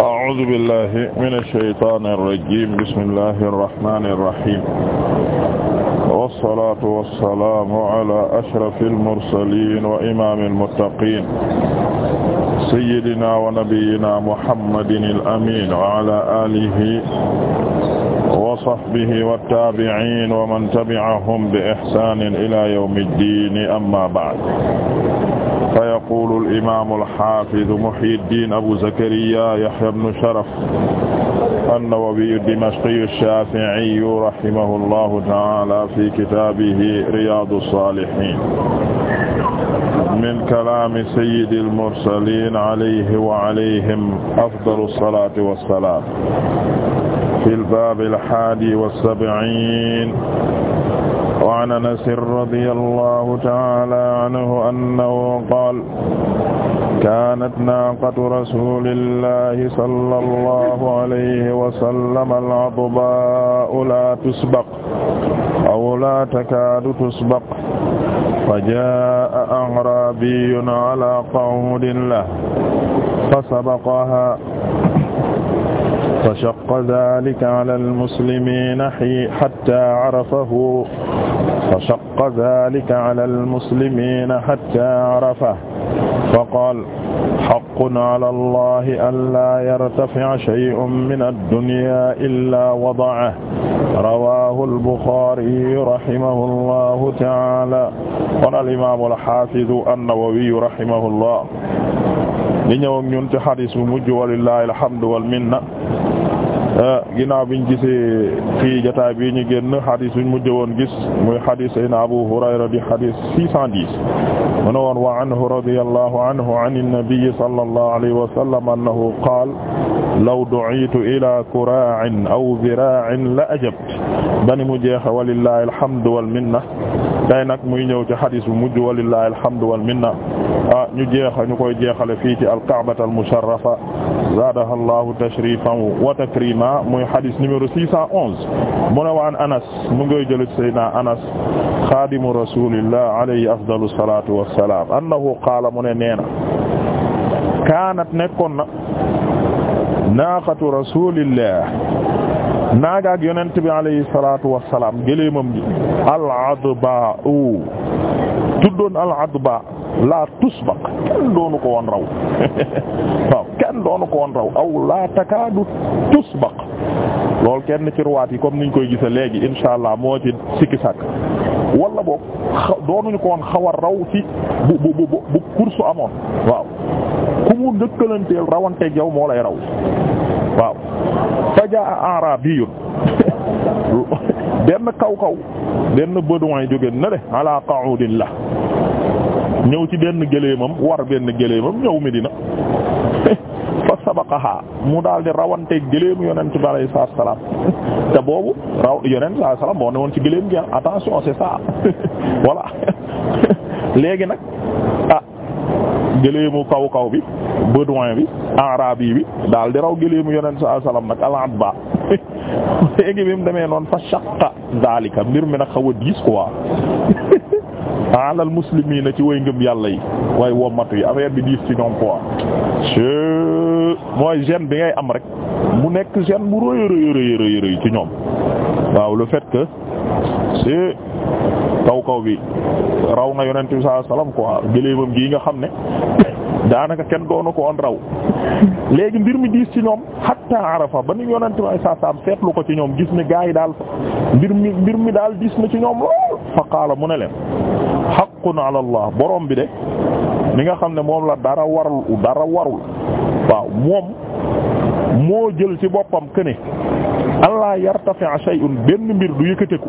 أعوذ بالله من الشيطان الرجيم بسم الله الرحمن الرحيم والصلاة والسلام على أشرف المرسلين وإمام المتقين سيدنا ونبينا محمد الأمين وعلى آله وصحبه والتابعين ومن تبعهم بإحسان إلى يوم الدين أما بعد fa yaqulu al-imaamu al-haafidu Muhyiddin Abu Zakariya Yahya ibn Sharaf an-Nawawiyu ad-Dimashqiyu ash-Shaafi'iyu rahimahullahu ta'aala fi kitaabihi Riyaadu as-Saalihiin min kalaami sayyidi al-mursaliin alayhi wa alayhim afdalu as-salaati was-salaam fil baabi al-haadi was-sab'iin وعن أنس رضي الله تعالى عنه أنه قال كانت ناقة رسول الله صلى الله عليه وسلم العظباء لا تسبق أو لا تكاد تسبق فجاء أعرابي على قعود له فسبقها فشق ذلك على المسلمين حتى عرفه فشق ذلك على المسلمين حتى عرفه فقال حق على الله ألا يرتفع شيء من الدنيا إلا وضعه رواه البخاري رحمه الله تعالى قال الإمام الحافظ النووي رحمه الله li ñëw ak ñun ci xadis bu mujj walillahi alhamdu wal minna Ah, ginnaaw biñ gisee fii jotaay bi ñu génn xadis biñ mujj woon gis muy xadis sayna Abu Hurayra di xadis 610 mu ne woon wa anhu radiyallahu anhu an an-nabi sallallahu alayhi wa sallam annahu qaala law du'itu ila kura'in aw zira'in la ajabtu bani mu jeexe walillahi alhamdu wal minna tey nag muy ñëw ci xadis bu mujj walillahi alhamdu wal minna ah ñu jeexa ñu koy jeexale fii ci alkaabata almusharrafa zaadaha llahu tashrifan wa takrima muy xadis numéro 611 mu ne waan anas mu ngay jël ci sayyidina anas xaadimu rasulillah alayhi afdalu salatu wassalam annahu qaala mu ne nee na kaanat nekkoon na naaqatu rasulillah naagaak yonent bi alayhi salaatu wassalaam gëléemam gi al-adba tuddoon al-adba laa tusbaq kenn doonu ko woon raw waaw kenn doonu ko woon raw aw laa takaadu tusbaq loolu kenn ci ruwaat yi comme niñ koy gisa léegi insha allah moo ci sikki sàkk wala boog doonuñu ko woon xaw a raw ci bu bu bu bu amoon waaw ku mu njëkkalanteel rawanteeg yow moo lay raw waaw fajaa arabiyun benn kaw kaw benn bédouin jóge na le ala qa'udin la ñëw ci benn gëléemam war benn gëléemam ñëw mi Medina fa sabaqaha mu daal di rawante gëléem yonent bi alayhi salaatu salaam te boobu raw yonent salaatu salaam moo ne woon ci gëléem gi attention c'est ça voilà léegi nag gëleemu kaw kaw bi bédouin bi arabi bi daal di raw gëleemu yonent sa salaam nag al atba léegi bi mu demee noonu fa shaqqa zalika mbir mi nag xaw a diis quoi alal muslimiina ci way ngëm yàlla yi way wommatu yi affaire bi diis ci ñoom quoi mooy gêne bi ngay am rek mu nekk gêne bu rëy rëy rëy rëy ci ñoom waaw le fait que c'est kaw kaw bi raw na yonent bi sallallahu alayhi wasallam quoi gi nga xam ne daanaka kenn doonu ko raw léegi mbir mi diis ci ñoom hatta arafa ba nu yonent bi saa saam seetlu ko ci ñoom gis ne gaa yi daal mbir mi mbir mi daal diis na ci ñoom lool fa qaala mu ne leen haqqun ala allah bi de mi nga xam ne moom la dara warul dara warul waaw moom moo jël ci boppam këne allah yartafi shay'un benn mbir du yëkkëteku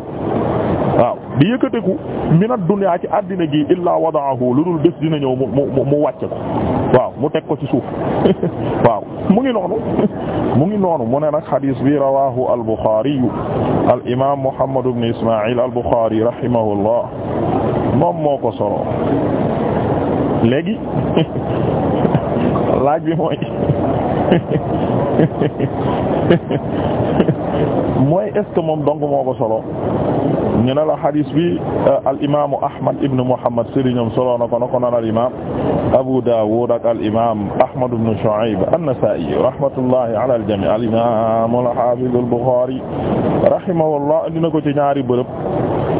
di yëkkateku min ad-dunya ci àddina gi illaa wada'ahu lu dul bés dina ñëw mu mu mu wàcce ko waaw mu teg ko ci suuf waaw mu ngi noonu mu ngi noonu mu ne nag xadis bi rawahu al-Bukhari al-imam Muhammad ibn Isma'il al moom moo ko solo léegi laaj bi mooy mooy est ce que moom donc moo ko solo ñu ne la hadis bi euh, al imaamu Ahmad ibn Muhammad sëriñam solo na ko na ko naan al imaam Abu Dawud ak al imaam Ahmad ibn Shu'ayb an-Nasa'i rahmatullahi ala al jami' al imaam al hafiz al Bukhari rahimahullah indi na ko ci ñaari bërëb.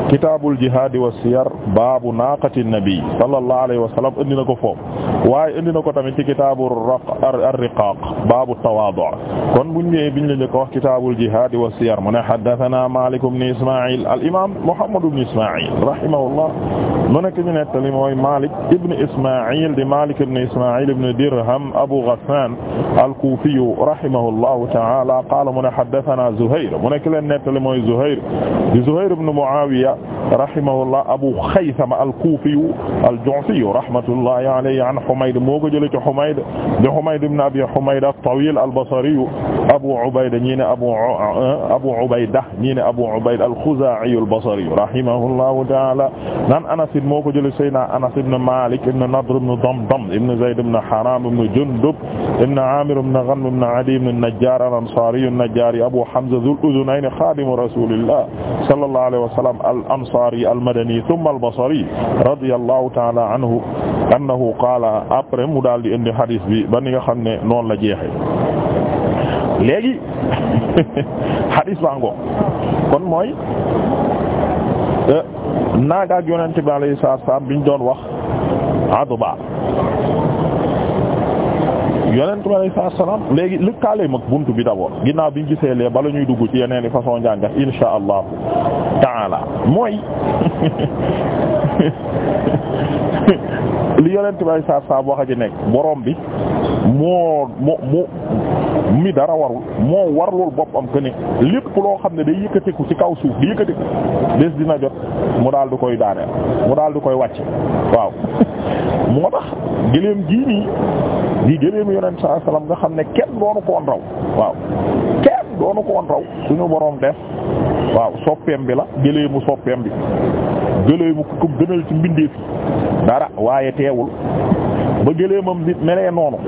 kitaabul jihaadi wa siyar baabu naaqati nabi sallallahu alayhi wa sallam indi na ko foofu waaye indi na ko tamit ci kitaabu ar-riqaaq baabu tawaadu kon buñ ñëwee biñ la ñu ko wax kitaabul jihaadi wa siyar mu ne haddasanaa Maalik ibn Ismaa'iil al-imaam Muhammad ibn Ismaa'iil rahimahullah mu nekk ñu nettali mooy Maalik ibn Ismaa'iil di Maalik ibn Ismaa'iil ibn Dirham Abu Ghassaan al-Kuufi rahimahullahu ta'aala qaala mu ne haddasanaa Zuhayr mu nekk leen nettali mooy Zuhayr di Zuhayr ibn Mu'aawiya qala rahimahullah abu xaysama alkuufiyu alju'fiyu rahmatullahi alayhi an humayd moo ko jëlee ci humayd di humayd ibn abi humayd at-tawil albasariyu abu ubayda ñi ne abu abu ubayda ñi ne abu ubayd alxuzaa'iyu albasariyu rahimahullahu ta'ala nan anas moo ko jëlee sayyidina anas ibn malik ibn nadr ibn damdam ibn zayd ibn haram ibn jundub ibn amir ibn ghanm ibn adi ibn najjar al-ansari an-najjari abu hamza dhul udhunayn khadim rasulillah sallallahu alayhi wa sallam al-Ansaari al-Madani thumma al-Basri radiyallahu ta'ala anhu annahu qaala après mu daal di indi hadis bi ba ni nga xam ne noonu la jeexe léegi hadis baa ngo kon mooy euh, naagaak yonente bi alayhi salaatu wa salaam biñ doon wax aduba yonent bi alayhi salaatu wa salaam léegi lëkkaale mag buntu bi d'abord ginnaaw bi gisee lee bala ñuy dugg ci yeneen i façon jàngat insha allahu taala mooy li yonent bi alayhi salaatu wax a ji nekk borom bi moo moo moo. mi dara warul moo warlul boppam que lépp loo xam ne day yëkkateku ci kaw suuf di yëkkateku bés dina jot mu daal di koy daaneel mu daal di koy wàcc waaw moo tax gëléem gii nii di gëléem yonent saa salaam nga xam ne kenn doonu ko woon raw waaw kenn doonu ko woon raw suñu boroom def waaw soppeem bi la gëléemu soppeem bi gëléemu ku gënal ci mbindeef dara waaye teewul ba gëléemam nit noonu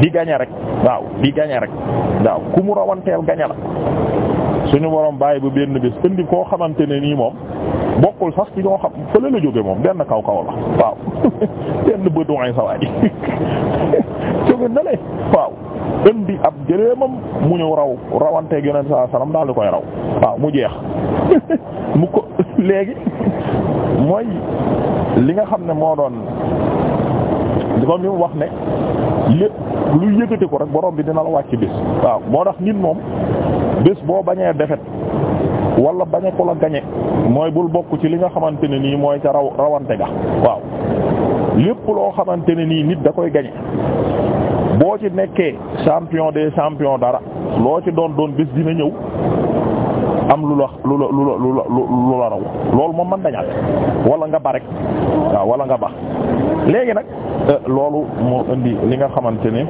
di gañe rek waaw di gañe rek waaw ku mu rawanteel gañe la suñu borom bàyyi ba benn bés indi koo xamante ne nii moom bokkul sax ci ñoo xam fële la jóge moom benn kaw kaw la waaw benn bët waay sa waay jóge na waaw indi ab jëreemam mu ñëw raw rawanteeg yonent saa salaam daal di koy raw waaw mu jeex mu ko léegi mooy li nga xam ne moo doon comme ni mu wax ne lépp lu yëkkati ko rek boroom bi dina la wàcc bés. waaw moo tax nit moom bés boo bañee defet wala bañe ko la gañe mooy bul bokk ci li nga xamante ne nii mooy ca raw rawante ga waaw lépp loo xamante ne nii nit da koy gañe boo ci nekkee champion des champions dara loo ci doon doon bés dina ñëw. am lu la lu la lu la lu la raw loolu moom man dañaat wala nga ba rek waaw wala nga ba léegi nag euh, loolu mu indi li nga xamante ne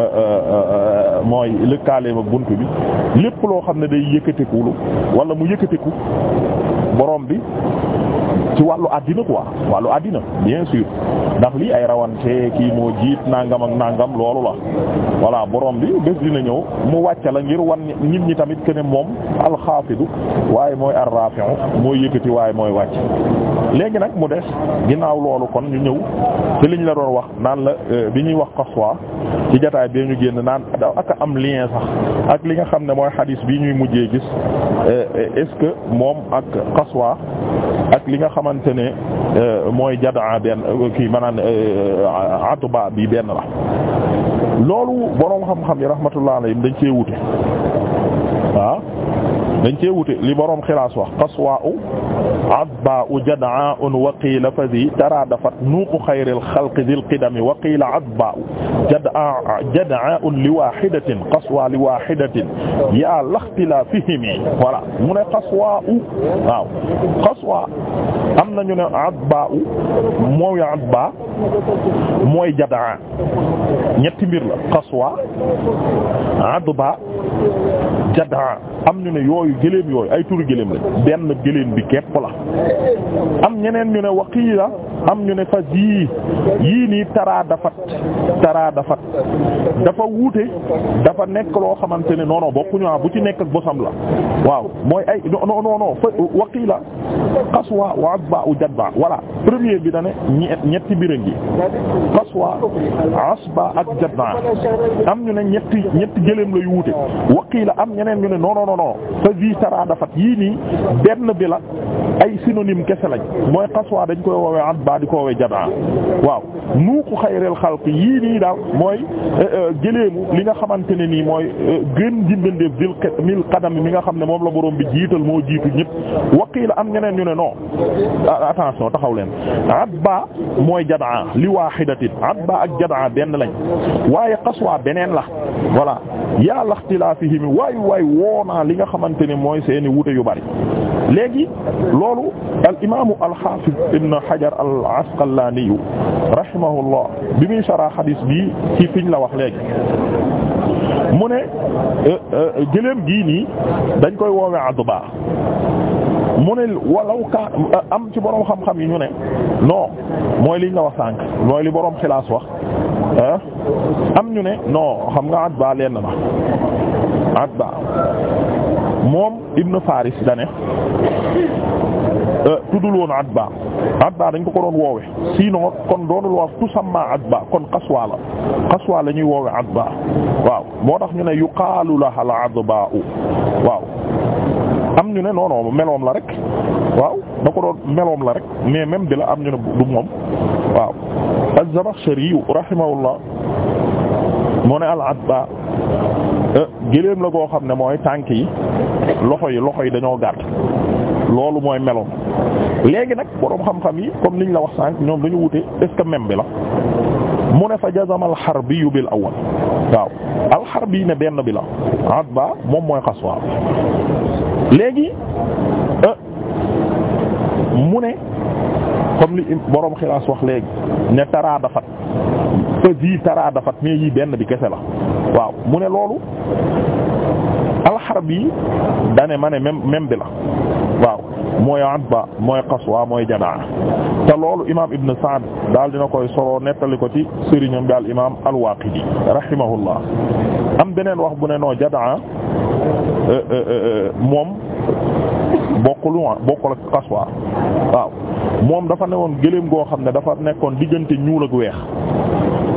euh, euh, mooy lëkkaaleem ak bunt bi lépp loo xam ne day yëkkatikulu wala mu yëkkatiku borom bi ci wàllu àddina quoi wàllu àddina bien sûr ndax lii ay rawante kii moo jiit nangam ak nangam loolu la voilà borom bi bés dina ñëw mu wàcc la ngir wan nit ñi tamit que moom alxaafidu waaye mooy arrafi'u mooy yëkkati waaye mooy wàcc léegi nag mu des ginnaaw loolu kon ñu ñëw ci liñ la doon wax naan la euh, bi ñuy wax Kaswa ci jotaay bee ñu génn naan ak am lien sax ak li nga xam ne mooy xadiis bi ñuy mujjee gis euh, euh, est-ce moom ak Kaswa ak li nga xam xamante ne euh, mooy jadaa benn kii maanaam euh, atuba bi benn la loolu boroom xam-xam yi rahmatullah alayhim dañ cee wute waaw dañ cee wute li borom xilaas wax qaswa u adba u jadaa un wa qiila fa zi taradafat nuuqu xayril xalqi dil qidami wa qiila adba u jadaa jadaa un li wahidatin qaswa li wahidatin yaa laxtilaafihim voilà mu ne qaswa u waaw qaswa am nañu ne adba u mooy adba mooy jadaa ñetti mbir la qaswa adba jadaa am ñu ne yooyu gëléem yooyu ay turu gëléem la benn gëléem bi képp la am ñeneen ñu ne waqiila am ñu ne fas yii yii nii taraa dafat taraa dafat dafa wuute dafa nekk loo xamante ne non non bokkuñu ah, bu ci nekk ak bosam la waaw mooy ay non non non fa waqiila qaswa wa u jadba voilà premier bi da ne ñetti biran gi qaswa asba ak jadba am ñu ne ñetti ñetti gëléem la yu wuute waqiila am ñeneen ñu ne non non fa ji taraada fat yii nii benn bi la ay synonyme kese lañ mooy xaswa dañ koy woowee abba di ko woowee jadaa waaw nuuqu xayril xalq yii nii daal mooy eh, eh, gëleemu li nga xamante ne nii mooy eh, gën jimbandéef dil mil qadam mi nga xam ne moom la borom bi jiital moo jiitu ñëpp waqiila am ñeneen ñu ne non attention taxaw leen abba mooy jadaa li waaxidatin abba ak jadaa benn lañ waaye xaswa beneen la voilà yaa laxtilaafihim waayu waay woonaa li nga xamante ne mooy seeni wute yu bari léegi loolu al imaamu alxaafiz ibn Hajar al Asqalaaniyu rahimahullah bi muy saraa xadiis bii ci fiñ la wax léegi mu ne euh, euh, gëléem gii nii dañ koy woowe adba mu ne walaw ka euh, am ci boroom xam-xam yi ñu ne non mooy liñ la wax sànq mooy li boroom xilaas wax am ñu ne non xam nga Atba lenn la Atba moom Ibn Faris da euh, dañ ko ko doon kon doonul wax tusamma Atba kon qaswa la qaswa waaw moo tax ñu ne yuqaalu laha al Atba ñu ne non non meloom la rek waaw da ko doon meloom la rek mais même bi la am ñu ne du moom waaw az-Zamakhshari rahimahullah mu ne al-atba eh, gëléem la goo xam ne mooy tànk yi loxo yi loxo yi dañoo gàtt loolu mooy meloon léegi nag boroom xam-xam yi comme niñ la wax sànq ñoom dañu wute est même bi la mu ne fa jazam alxarbiyu bil awal waaw alxarbi ne benn bi la moom mooy xaswa eh, mu ne comme li boroom xilaas wax léegi ne taraa dafat te zi tara dafat yii benn bi kese la waaw mu ne loolu alxarbi dane ma ne même bi la waaw mooy Adba mooy Qaswa mooy Jadaa te loolu imaam Ibn Saad daal dina koy soroo nettali ko ci sëriñam bi al imaam al-Waaqidi rahimahullah am beneen wax bu ne noo Jadaa euh, euh, euh, moom bokkul bokkul ak Qaswa waaw moom dafa newoon gëléem goo xam ne dafa nekkoon diggante ñuul ak weex.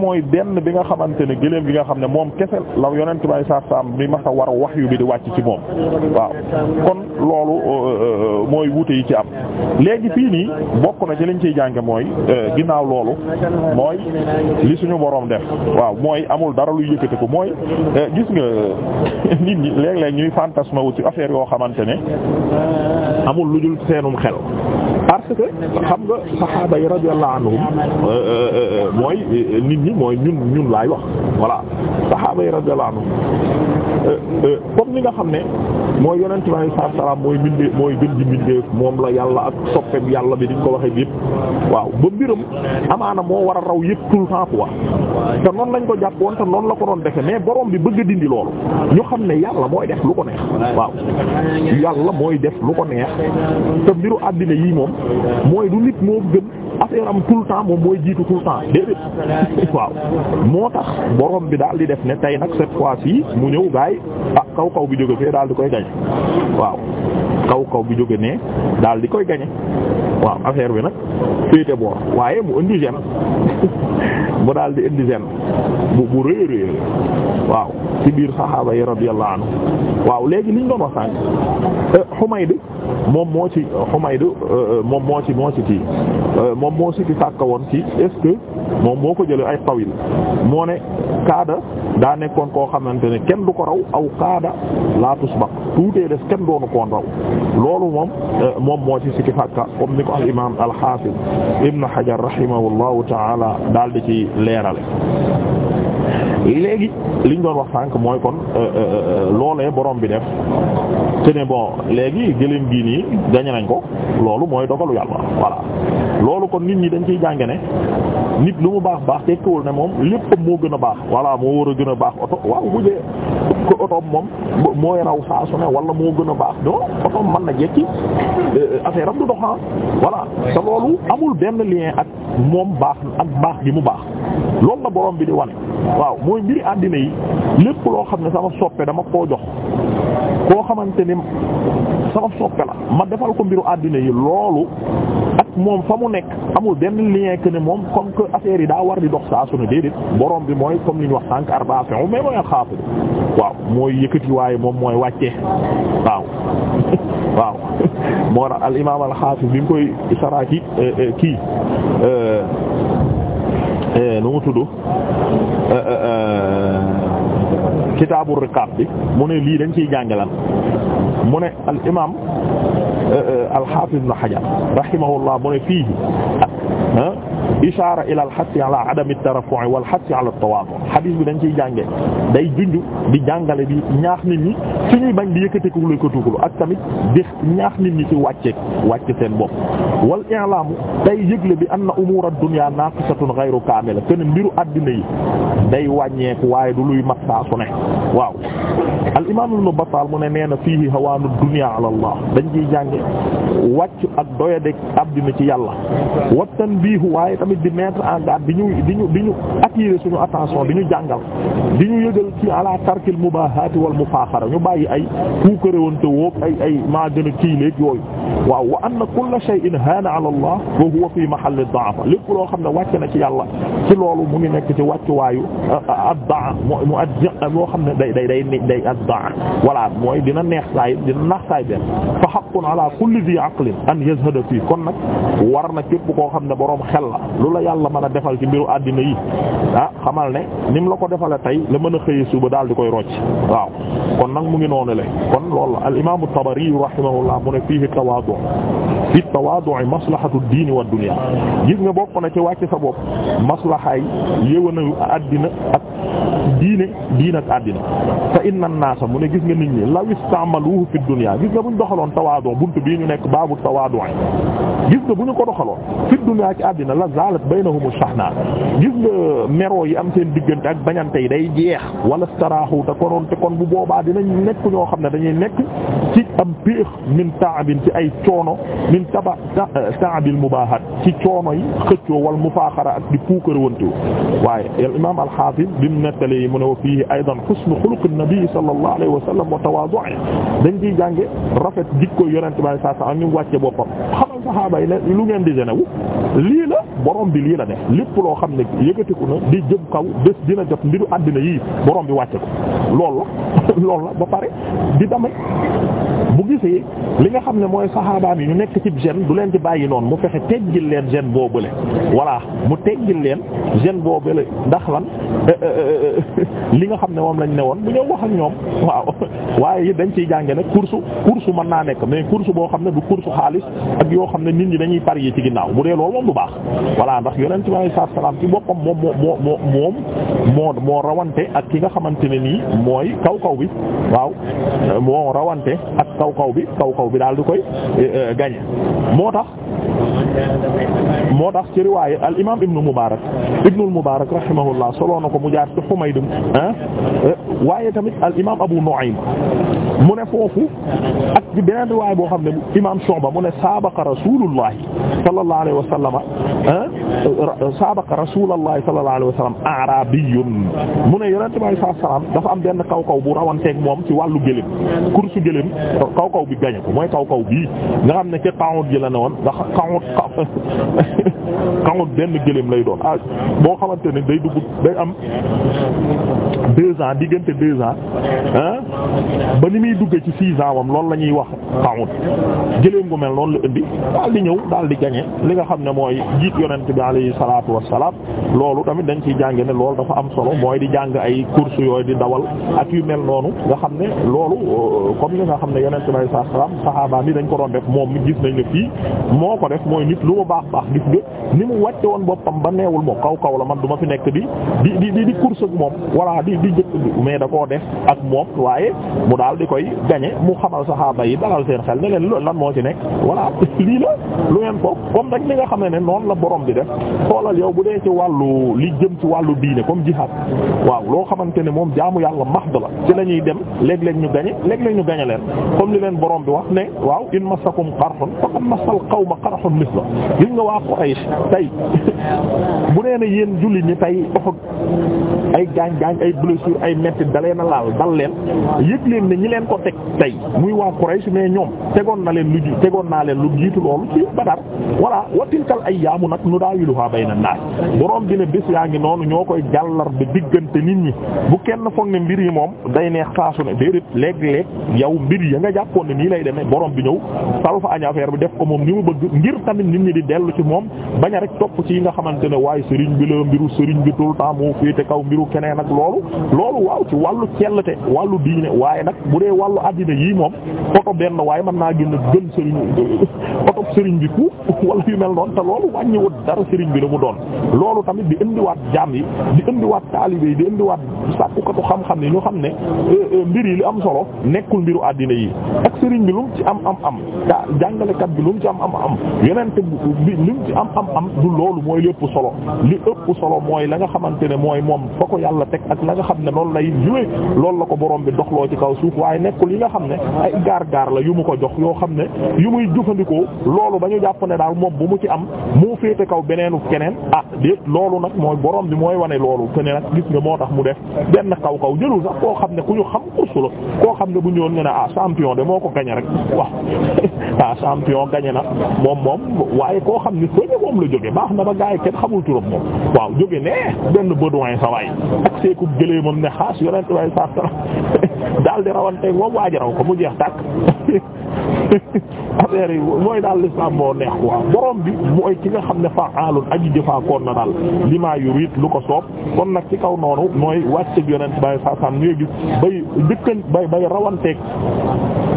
mooy benn bi nga xamante ne gëléem gi nga xam ne moom kese la yonent may saa saam bi masa war wax wahyu bi di wàcc ci moom waaw kon loolu euh, euh, mooy wuute yi ci am léegi fii nii bokk na ci lañ ciy jànge mooy euh, ginnaaw loolu mooy li suñu boroom def waaw mooy amul dara luy yëkkati ko mooy gis nga nit ñi léeg-léeg ñuy fantasme wu ci affaire yoo xamante ne amul lu dul seenum xel parce que xam nga saxaaba yi radiyallahu anhum mooy nit gi mooy ñun ñun laay wax voilà saxaaba yi radiyallahu anhum euh, euh, comme ni nga xam ne mooy yonent bi alayhi salaatu salaam mooy bindee mooy moom la yàlla ak soppeem yàlla bi diñ ko waxee yëpp waaw ba mbiram amaana moo war a raw yëpp tout le temps quoi te noonu lañ ko jàppoon te noonu la ko doon defe mais borom bi bëgg dindi loolu ñu xam ne yàlla mooy def lu ko neex waaw yàlla mooy def lu ko neex te mbiru àddina yi moom mooy du nit moo gën affaire am tout le temps moom mooy jiitu tout le temps déedéet waaw moo tax borom bi daal di def ne tey nag cette fois-ci mu ñëw gaay a ah, kaw kaw bi jóge fee daal di koy gañ waaw kaw kaw bu jóge ne daal di koy gañe waaw affaire bi nag féete boor waaye mu indi gene mu daal di indi gene bu bu rëy rëy waaw ci biir saxaaba yi radiyallahu anhu waaw léegi liñ doon wax sànq euh, Humayd moom moo ci Humayd euh, moom moo ci moo ci kii euh, moom moo ci ki woon ci est que moom moo ko jëlee ay tawil moo ne kaada daa nekkoon koo xamante ne kenn du ko raw aw kaada laa tusbaq tuutee des kenn doonu koon raw loolu moom euh, moom moo ci sikki fàkka comme ni ko al imaam al hafiz ibn hajar rahimahullahu ta'ala daal di ci leerale léegi liñ doon wax sànq mooy kon euh, euh, euh, loolee boroom bi def te bon léegi gëléem gii nii gañe nañ ko loolu mooy dogalu yàlla voilà loolu kon nit ñi dañ ciy jànge ne nit lu mu baax baax tekkiwul ne moom léppam moo gën a baax voilà moo war a gën a baax oto waaw bu dee ko moom mooy raw saa su moo gën a baax non otoom na jekki affaire am du dox ah voilà te loolu amul benn lien ak moom baax ak baax gi mu baax lool la borom bi di wane waaw. mooy mbiri àddina yi lépp loo xam ne sama soppe dama koo jox koo xamante ni sama soppe la ma defal ko mbiru àddina yi loolu ak moom fa mu nekk amul benn lien que ne moom comme que affaire yi daa war di dox saa su ne déedéet borom bi mooy comme li ñu wax sànq arba fin mais mooy xaafu waaw mooy yëkkati waaye moom mooy wàcce waaw waaw moo tax al imaam al bi mu koy saraaki euh, euh, kii euh, Eh, nu mu tudd eh, eh, kitaabu riqaab bi mu ne lii dañ ciy jàngalan mu ne al imaam al xaafiz ibn Hajar rahimahullah mu ne fii ah, ah ishaara ila al hassi ala adami tarafu'i wal hassi ala tawaadu xadiis bi dañ ciy jànge day junj di jàngale di ñaax nit ñi ci ñuy bañ di yëkkateeku lu yëkkateeku ak tamit di ñaax nit ñi ci wàcce wàcce seen bopp. wal i'laamu day yëgle bi anna umuur ad-dunyaa naaqisatun ghayru kaamila kenn mbiru àddina yi day wàññeeku waaye du luy mat saa su ne waaw. al imaam ibnu Battaal mu ne nee na fiihi hawaanu dunyaa ala Allah dañ ciy jànge wàcc ak doyade àddina ci yàlla wa tanbiihu waaye tamit di mettre en garde di ñu di ñu di ñu attirer suñu attention di ñu jàngal di ñu yëgal ci ala tarkil mubahati wal mufaaxara ñu bàyyi ay puukarewante woog ay ay maa gën a kii léeg yooyu waaw wa anna kulla shay'in haana ala allah wa huwa fi mahalli da'fa lépp loo xam ne wàcc na ci yàlla ci loolu mu ngi nekk ci wàccuwaayu ad-da'a mu ad moo xam ne day day day day ad-da'a voilà mooy dina neex saay dina nax saay benn fa haqqun ala kulli dhi aqlin an yazhada fii kon nag war na képp koo xam ne boroom xel la lu la yàlla mën a defal ci mbiru àddina yi ah xamal ne ni la ko defale tey la mën a xëyee suba daal di koy rocc waaw kon nag mu ngi noonu le kon loolu al imaamu Tabari rahimahullah mu ne fiihi tawaadu fi tawaadu maslahatu diini wa dunya gis nga bokk na ci wàcc sa bopp maslahaay yéwénu àddina ak diine diine ak àddina fa inna naasa mu ne gis nga nit ñi law ista'maluhu fi dunya gis nga buñ doxaloon tawaadu buntu bii ñu nekk baabu tawaadu g nga bu ko doxaloon la zalat baynahum shahna gis nga meroo yi am seen diggante ak bañante yi day jeex wala starahu te konoon te kon bu boobaa dinañ nekk ñoo xam ne dañuy nekk ci am piix min ta'abin ci ay coono min taba ta'abil mubahat ci coono yi xëccoo wal mufaaxara ak di puukar wantewu waaye al imam al hafiz bim nettali mu ne wa fiihi aydan husn xuluq an-nabi sallallahu alayhi wa sallam wa tawadu'i dañ ciy jànge rafet jikko yonent bi sallallahu alayhi wa sallam ni wàcce boppam xamal sahaaba yi lu ngeen di genewu lii la borom bi lii la lépp loo xam ne yëkkatiku na di jëm kaw bés dina jot mbiru àddina yi borom bi wàcce ko loolu la loolu la ba pare di damay bu gisee li nga xam ne mooy saxaabaam yi ñu nekk ci gene du leen ci bàyyi noonu mu fexe teggil leen gene boobule voilà mu teggil leen gen gene boobule ndax lan eh, eh, eh, li nga xam ne moom lañ ne woon bu ñëw wax ak ñoom waaw waaye dañ ciy jànge nag course course man naa nekk mais course boo xam ne du course xaalis ak yoo xam ne nit ñi dañuy parier ci ginnaaw bu dee loolu baax voilà ndax yonent bi alayhi salaatu salaam ci boppam moom moo moo rawante ak ki nga xamante ne nii mooy kaw kaw bi waaw moo rawante ak kaw kaw bi kaw kaw bi daal di koy eh, eh, gañe moo tax moo tax ci riwaaye al imaam Ibn Moubarak Ibn Moubarak rahimahullah solo ko mu jaar ci Humayd ah waaye tamit al imaam Abu Nu'aym mu ne foofu ak beneen riwaay boo xam ne imaam Shu'ba mu ne saabaqa rasuulullahi sallallahu alayhi wa sallam saabaqa rasulullahi sallallahu alayhi wa sallam arabiyun mu ne yonente bi alayhi salaam dafa am benn kaw kaw bu rawanteeg moom ci wàllu gëléem kursu gëléem kaw kaw bi gañe ko mooy kaw kaw bii nga xam ne ca qa'ud ji la ne woon ndax qa'ud qa'ud benn gëléem lay doon ah boo xamante ne day dugg day am deux diggante deux ans ah ba ni muy duggee ci six wam loolu la ñuy wax qa'ud gëléem gu mel noonu la indi daal di ñëw daal di gañe li nga xam ne mooy jiit yonente bi alayhi salaatu wassalaam loolu tamit dañ ciy jànge ne lool dafa am solo mooy di jàng ay course yooyu di dawal ak yu mel noonu nga xam ne loolu euh, comme li nga xam ne yonent bi alayhi salaatu wassalaam saxaaba mi ko doon def moom gis nañ ne fii moo ko def mooy baax baax gis nga ni mu wàcce woon boppam ba neewul moom kaw kaw la man du ma fi nekk di di di di moom walla di di jëkk mais da koo def ak moom mu daal di koy gañe mu xamal saxaaba yi dalal seen xel ne leen lan moo ci nekk voilà lii la lu ngeen ko comme nag li nga xam ne ne noonu la boroom di def xoolal yow bu dee ci wàllu li jëm ci wàllu diine comme jihad waaw loo xamante ne moom jaamu yàlla mahd la ci la ñuy dem léeg-léeg ñu gañe léeg-léeg ñu gañe leen comme li leen borom bi wax ne waaw in masakum qarhun faqad masal qawma qarhun misla gis nga waa Quraysh tey bu nee ne yéen julli ñi tey oxog ay gaañ-gaañ ay blessure ay metti dalee na laal dal leen yëg leen ne ñi leen ko teg tey muy waa Quraysh mais ñoom tegoon na leen lu tegoon naa leen lu jiitu loolu ci Badar wa yahwiluha bayna nas borom bi ne bés yaa ngi noonu ñoo koy jàllar bi diggante nit ñi bu kenn foog ne mbir yi moom day neex saasu ne déedéet léeg-léeg yow mbir ya nga jàppoon ne nii lay demee borom bi ñëw salfa añ affaire bi def ko moom ni mu bëgg ngir tamit nit ñi di dellu ci moom bañ a rek topp ci yi nga xamante ne waaye sëriñ bi la mbiru sëriñ bi tout le temps moo féete kaw mbiru keneen ak loolu loolu waaw ci wàllu cellte wallu diine waaye nag bu dee wàllu addina yii moom foto benn waaye mën naa gën a gën bi ku sëriñ bi la mu doon loolu tamit di indiwaat jaam yi di indiwaat taalibe yi di indiwaat sàkkukatu xam-xam yi ñu xam ne euh, euh, mbir yi li am solo nekkul mbiru àddina yi ak sëriñ bi lu mu ci am am am jàngalekat bi lu mu ci am am am yeneen bi am am am du loolu mooy lépp solo li ëpp solo mooy la nga xamante ne mooy moom fa ko yàlla teg ak la nga xam ne loolu lay joué loolu la ko borom bi doxloo ci kaw suuf waaye nekkul yi nga xam ne ay gaar-gaar la yu mu ko jox yoo xam ne yu muy jëfandikoo loolu ba ñu ne daal moom mu ci am keneenu keneen ah déet loolu nag mooy borom bi mooy wane loolu que ne nag gis nga moo tax mu def benn kaw kaw jëlul sax koo xam ne ku ñu xam kursu la koo xam ne bu ñëwoon nga ne ah champion de moo ko gañe rek waaw ah champion gañe na moom moom waaye koo xam ne fële moom la jóge baax na ba gaa yi kenn xamul turam moom waaw jóge ne benn bédouin sa waay ak seeku gëlee moom ne xaas yonent way sa daal di rawanteeg moom waaji raw ko mu jeex takk affaire yi mooy daal l'islam moo neex quoi borom bi mooy ki nga xam ne fa'aalun aji jëfaakoon na daal limaa yurid lu ko soob kon nag ci kaw noonu mooy wàcceeg yonent bay sasam ngay gis bay dëkkan bay bay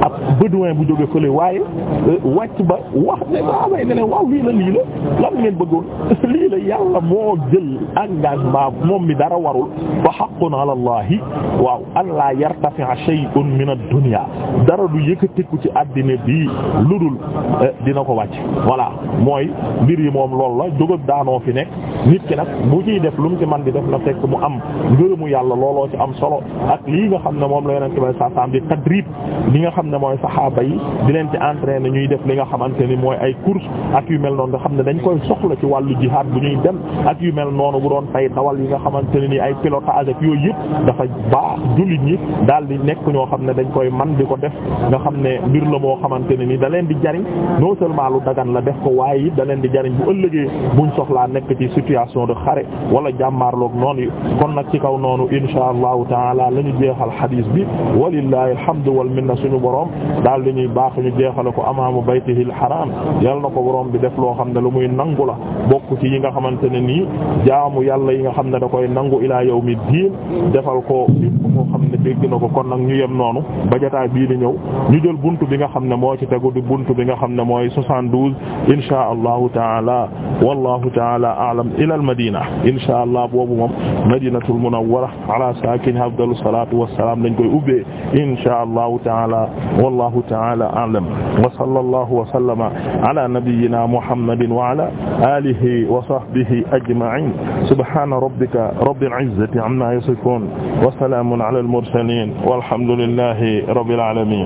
ab bédouin bu jóge fële waaye euh, wàcc ba wax ne waaway ne ne waaw lii la lii la ngeen bëggoon lii la yàlla moo jël engagement moom mi dara warul fa haqqun ala allahi waaw min ad-dunya dara du yëkkatiku ci àddina bii lu dul eh, dina ko wàcc voilà mooy mbir yi moom loolu la jógab daanoo fi nekk nit ki nag bu ciy def lu mu ci man di def na fekk mu am ngërëmu yàlla looloo ci am solo ak lii nga xam ne moom la yonent bi saasaam di tadrib li nga xam ne mooy saxaaba yi di leen ci na ñuy def li nga xamante ni mooy ay course ak yu mel noonu nga xam ne dañ koy soxla ci wàllu jihaad bu ñuy dem ak yu mel noonu bu doon tay dawal yi nga xamante ne ni ay pilotage ak yooyu yëpp dafa baax jullit ñi daal di nekk ñoo xam ne dañ koy man di ko def xamante da leen di jariñ non seulement lu dagan la def ko waaye it da leen di jariñ bu ëllëgee buñ soxlaa nekk ci situation de xare wala jàmmaarloog noonu yi kon nag ci kaw noonu insha allahu taala la ñu jeexal xadiis bi walillahi alhamdu wal minna suñu borom daal di ñuy baax ñu jeexale ko amaamu baytihil haram yal na ko borom bi def loo xam ne lu muy nangu la bokk ci yi nga xamante ne nii jaamu yàlla yi nga xam ne da koy nangu ilaa yawmi diin defal ko ko kon nag ñu yem noonu ba jotaay ñëw ñu jël buntu bi nga xam ne moo ci tegu di buntu bi nga xam ne mooy soixante-douze inshaa allahu taala wallahu taala a'lam ila almadina inshaa allah boobu moom madinatul munawwara ala sakin afdalu salatu wassalam lañ koy ubbee inshaa allahu taala wallahu taala a'lam wa sallallahu wa sallama ala nabiyyina muhammadin wa ala alihi wa sahbihi ajma'in subhana rabbika rabbil izzati amma yasifun wa salamun ala al mursalin walhamdulillahi rabbil alamin